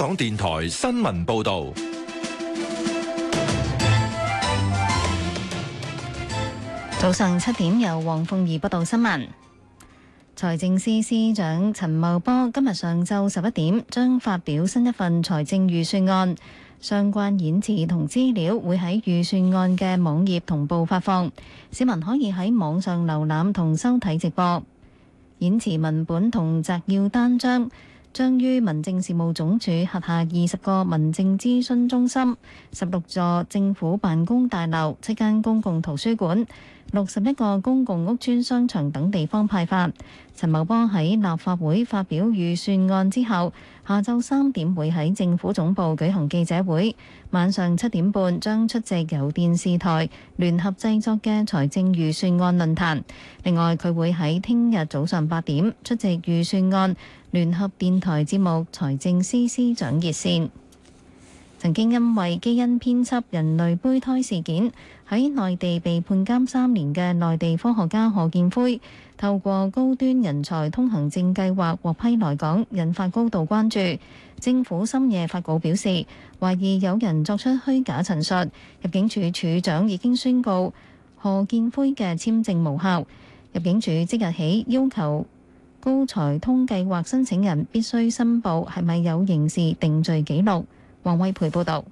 港電台新聞報道，早上七點由黃鳳儀報道新聞。財政司司長陳茂波今日上晝十一點將發表新一份財政預算案，相關演辭同資料會喺預算案嘅網頁同步發放，市民可以喺網上瀏覽同收睇直播。演辭文本同摘要單張。將於民政事務總署轄下二十個民政諮詢中心、十六座政府辦公大樓、七間公共圖書館、六十一個公共屋邨商場等地方派發。陳茂波喺立法會發表預算案之後，下晝三點會喺政府總部舉行記者會，晚上七點半將出席由電視台聯合製作嘅財政預算案論壇。另外，佢會喺聽日早上八點出席預算案聯合電台節目《財政司司長熱線》。曾經因為基因編輯人類胚胎事件喺內地被判監三年嘅內地科學家賀建奎。透過高端人才通行證計劃獲批來港，引發高度關注。政府深夜發稿表示，懷疑有人作出虛假陳述。入境處處長已經宣告何建輝嘅簽證無效。入境處即日起要求高才通計劃申請人必須申報係咪有刑事定罪記錄。王威培報導。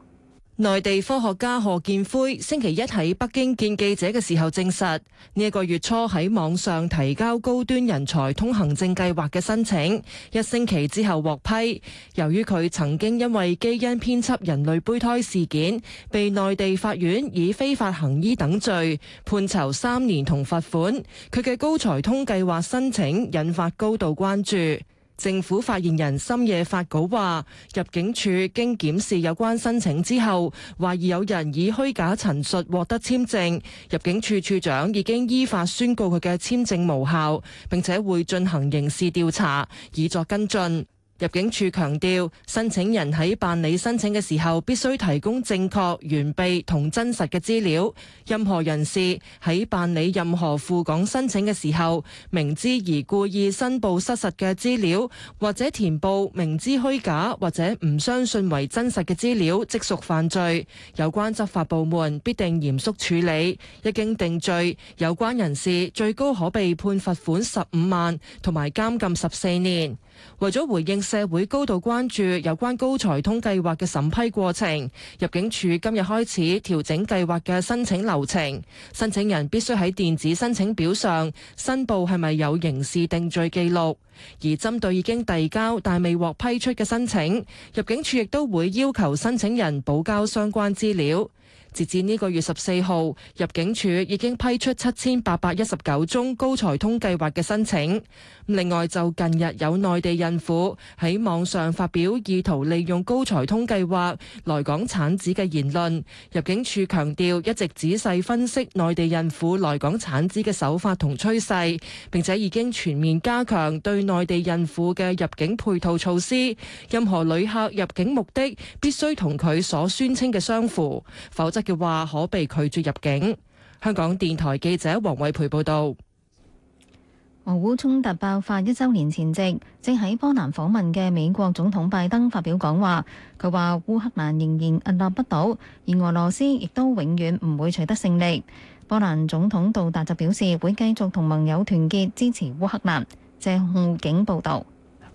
內地科學家賀建輝星期一喺北京見記者嘅時候證實，呢、這、一個月初喺網上提交高端人才通行證計劃嘅申請，一星期之後獲批。由於佢曾經因為基因編輯人類胚胎事件，被內地法院以非法行醫等罪判囚三年同罰款，佢嘅高才通計劃申請引發高度關注。政府發言人深夜發稿話，入境處經檢視有關申請之後，懷疑有人以虛假陳述獲得簽證。入境處處長已經依法宣告佢嘅簽證無效，並且會進行刑事調查，以作跟進。入境處強調，申請人喺辦理申請嘅時候，必須提供正確、完備同真實嘅資料。任何人士喺辦理任何赴港申請嘅時候，明知而故意申報失實嘅資料，或者填報明知虛假或者唔相信為真實嘅資料，即屬犯罪。有關執法部門必定嚴肅處理，一經定罪，有關人士最高可被判罰款十五萬同埋監禁十四年。為咗回應社會高度關注有關高才通計劃嘅審批過程，入境處今日開始調整計劃嘅申請流程。申請人必須喺電子申請表上申報係咪有刑事定罪記錄，而針對已經遞交但未獲批出嘅申請，入境處亦都會要求申請人補交相關資料。截至呢個月十四號，入境處已經批出七千八百一十九宗高才通計劃嘅申請。另外，就近日有內地孕婦喺網上發表意圖利用高才通計劃來港產子嘅言論，入境處強調一直仔細分析內地孕婦來港產子嘅手法同趨勢，並且已經全面加強對內地孕婦嘅入境配套措施。任何旅客入境目的必須同佢所宣稱嘅相符，否則，嘅話可被拒絕入境。香港電台記者黃偉培報道：俄烏衝突爆發一周年前夕，正喺波蘭訪問嘅美國總統拜登發表講話。佢話烏克蘭仍然屹立不倒，而俄羅斯亦都永遠唔會取得勝利。波蘭總統杜達就表示會繼續同盟友團結支持烏克蘭。謝控景報道。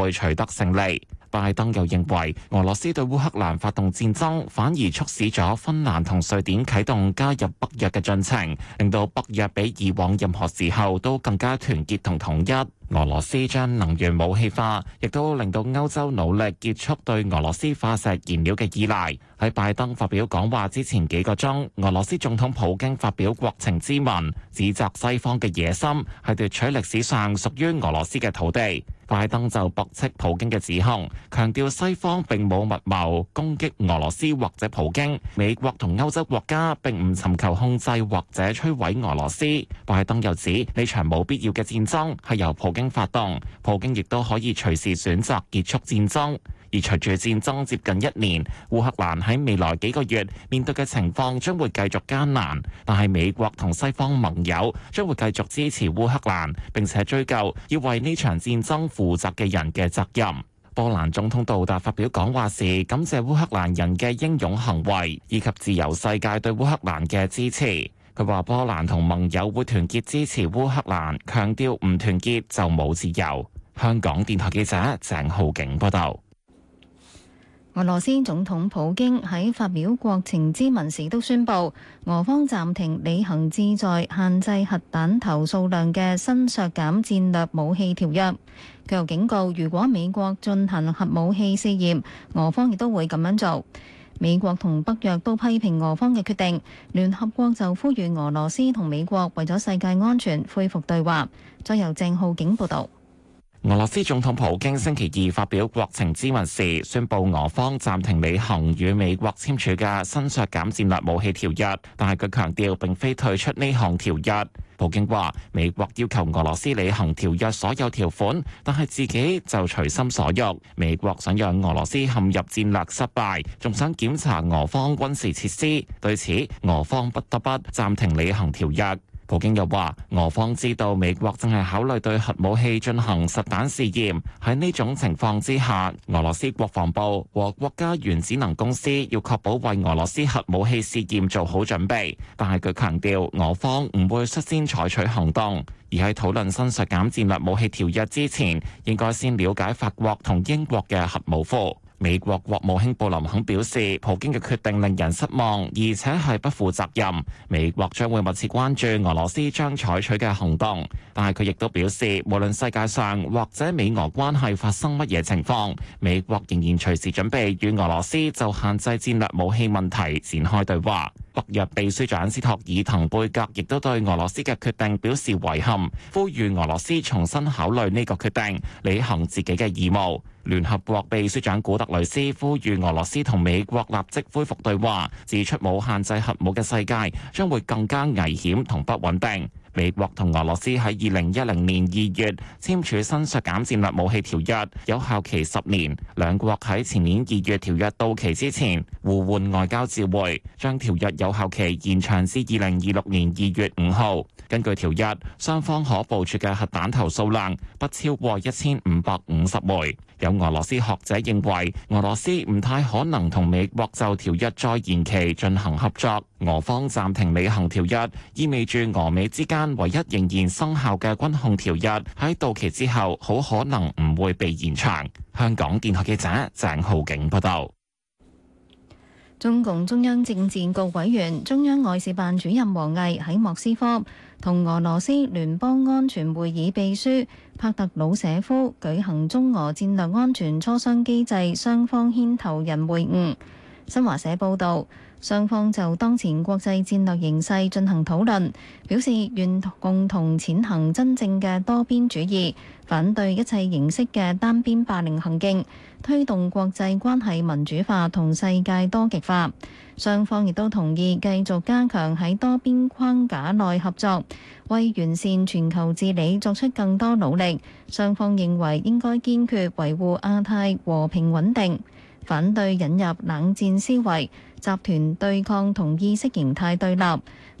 會取得勝利。拜登又認為，俄羅斯對烏克蘭發動戰爭，反而促使咗芬蘭同瑞典啟動加入北約嘅進程，令到北約比以往任何時候都更加團結同統一。俄羅斯將能源武器化，亦都令到歐洲努力結束對俄羅斯化石燃料嘅依賴。喺拜登發表講話之前幾個鐘，俄羅斯總統普京發表國情咨文，指責西方嘅野心係奪取歷史上屬於俄羅斯嘅土地。拜登就駁斥普京嘅指控，強調西方並冇密謀攻擊俄羅斯或者普京，美國同歐洲國家並唔尋求控制或者摧毀俄羅斯。拜登又指呢場冇必要嘅戰爭係由普京發動，普京亦都可以隨時選擇結束戰爭。而隨住戰爭接近一年，烏克蘭喺未來幾個月面對嘅情況將會繼續艱難，但係美國同西方盟友將會繼續支持烏克蘭，並且追究要為呢場戰爭負責嘅人嘅責任。波蘭總統杜達發表講話時，感謝烏克蘭人嘅英勇行為，以及自由世界對烏克蘭嘅支持。佢話：波蘭同盟友會團結支持烏克蘭，強調唔團結就冇自由。香港電台記者鄭浩景報道。俄羅斯總統普京喺發表國情咨文時都宣布，俄方暫停履行旨在限制核彈頭數量嘅新削減戰略武器條約。佢又警告，如果美國進行核武器試驗，俄方亦都會咁樣做。美國同北約都批評俄方嘅決定，聯合國就呼籲俄羅斯同美國為咗世界安全恢復對話。再由鄭浩景報道。俄羅斯總統普京星期二發表國情咨文時，宣布俄方暫停履行與美國簽署嘅新削減戰略武器條約，但係佢強調並非退出呢項條約。普京話：美國要求俄羅斯履行條約所有條款，但係自己就隨心所欲。美國想讓俄羅斯陷入戰略失敗，仲想檢查俄方軍事設施。對此，俄方不得不暫停履行條約。普京又話：俄方知道美國正係考慮對核武器進行實彈試驗。喺呢種情況之下，俄羅斯國防部和國家原子能公司要確保為俄羅斯核武器試驗做好準備。但係佢強調，俄方唔會率先採取行動，而喺討論新削減戰略武器條約之前，應該先了解法國同英國嘅核武庫。美國國務卿布林肯表示，普京嘅決定令人失望，而且係不負責任。美國將會密切關注俄羅斯將採取嘅行動，但係佢亦都表示，無論世界上或者美俄關係發生乜嘢情況，美國仍然隨時準備與俄羅斯就限制戰略武器問題展開對話。昨日北約秘書長斯托爾滕貝格亦都對俄羅斯嘅決定表示遺憾，呼籲俄羅斯重新考慮呢個決定，履行自己嘅義務。聯合國秘書長古特雷斯呼籲俄羅斯同美國立即恢復對話，指出冇限制核武嘅世界將會更加危險同不穩定。美國同俄羅斯喺二零一零年二月簽署新削減戰略武器條約，有效期十年。兩國喺前年二月條約到期之前互換外交照會，將條約有效期延長至二零二六年二月五號。根據條約，雙方可部署嘅核彈頭數量不超過一千五百五十枚。有俄羅斯學者認為，俄羅斯唔太可能同美國就條約再延期進行合作。俄方暫停履行條約，意味住俄美之間唯一仍然生效嘅軍控條約喺到期之後，好可能唔會被延長。香港電台記者鄭浩景報道。中共中央政治局委員、中央外事辦主任王毅喺莫斯科同俄羅斯聯邦安全會議秘書帕特魯舍夫舉行中俄戰略安全磋商機制雙方牽頭人會晤。新華社報道，雙方就當前國際戰略形勢進行討論，表示願共同踐行真正嘅多邊主義，反對一切形式嘅單邊霸凌行徑，推動國際關係民主化同世界多極化。雙方亦都同意繼續加強喺多邊框架內合作，為完善全球治理作出更多努力。雙方認為應該堅決維護亞太和平穩定。反對引入冷戰思維、集團對抗同意識形態對立。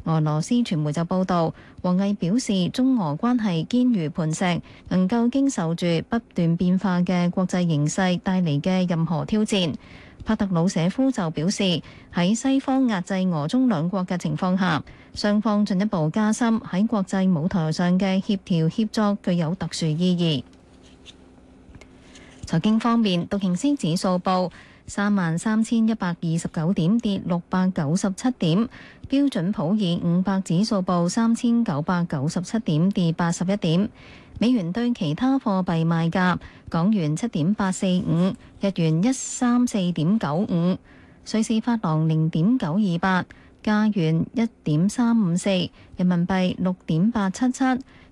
俄羅斯傳媒就報導，王毅表示中俄關係堅如磐石，能夠經受住不斷變化嘅國際形勢帶嚟嘅任何挑戰。帕特魯舍夫就表示，喺西方壓制俄中兩國嘅情況下，雙方進一步加深喺國際舞台上嘅協調協作具有特殊意義。財經方面，道瓊斯指數報三萬三千一百二十九點，跌六百九十七點；標準普爾五百指數報三千九百九十七點，跌八十一點。美元對其他貨幣賣價：港元七點八四五，日元一三四點九五，瑞士法郎零點九二八，加元一點三五四，人民幣六點八七七，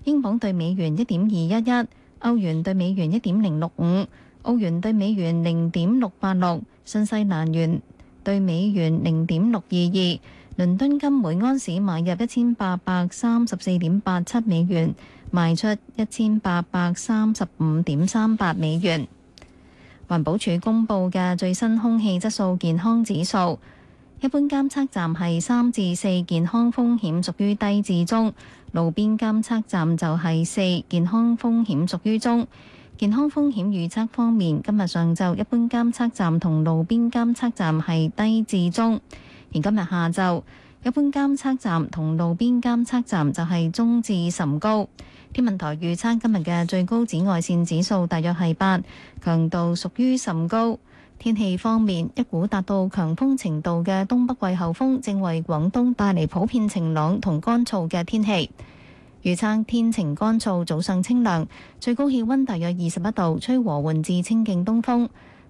英鎊對美元一點二一一。歐元對美元一點零六五，澳元對美元零點六八六，新西蘭元對美元零點六二二。倫敦金每安士買入一千八百三十四點八七美元，賣出一千八百三十五點三八美元。環保署公布嘅最新空氣質素健康指數。一般監測站係三至四，健康風險屬於低至中；路邊監測站就係四，健康風險屬於中。健康風險預測方面，今日上晝一般監測站同路邊監測站係低至中，而今日下晝一般監測站同路邊監測站就係中至甚高。天文台預測今日嘅最高紫外線指數大約係八，強度屬於甚高。天氣方面，一股達到強風程度嘅東北季候風正為廣東帶嚟普遍晴朗同乾燥嘅天氣。預測天晴乾燥，早上清涼，最高氣温大約二十一度，吹和緩至清勁東風。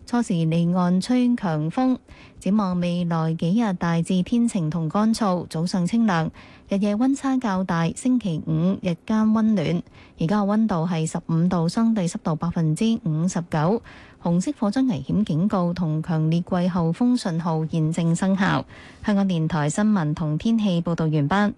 初時離岸吹強風，展望未來幾日大致天晴同乾燥，早上清涼，日夜温差較大。星期五日間温暖，而家嘅温度係十五度，相對濕度百分之五十九。紅色火災危險警告同強烈季候風信號現正生效。香港電台新聞同天氣報導完畢。